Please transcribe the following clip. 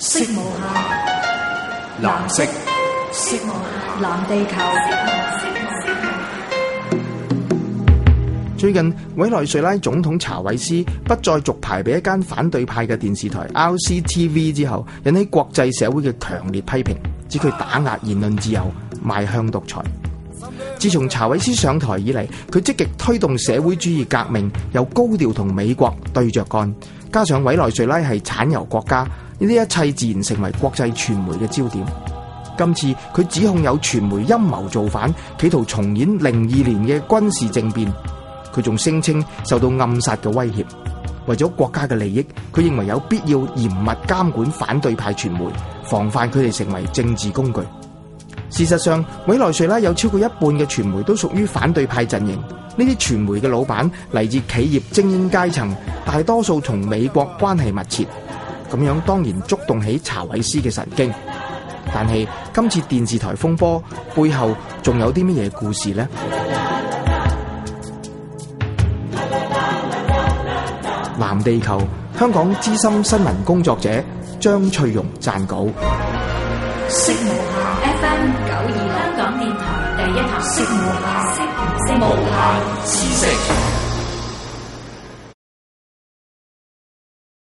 色無限，藍色。色無限，藍地球，藍地球。最近，委內瑞拉總統查韋斯不再續牌俾一間反對派嘅電視台 RCTV 之後，引起國際社會嘅強烈批評，指佢打壓言論自由，邁向獨裁。自從查韋斯上台以嚟，佢積極推動社會主義革命，又高調同美國對着幹。加上委內瑞拉係產油國家，呢一切自然成為國際傳媒嘅焦點。今次佢指控有傳媒陰謀造反，企圖重演零二年嘅軍事政變。佢仲聲稱受到暗殺嘅威脅。為咗國家嘅利益，佢認為有必要嚴密監管反對派傳媒，防範佢哋成為政治工具。事實上，委內瑞拉有超過一半嘅傳媒都屬於反對派陣營。呢啲傳媒嘅老闆嚟自企業精英階層，大多數同美國關係密切。咁樣當然觸動起查韋斯嘅神經。但係今次電視台風波背後仲有啲乜嘢故事呢？藍地球香港資深新聞工作者張翠容撰稿。FM 92香港電台第一台，識無限，識無限，知識。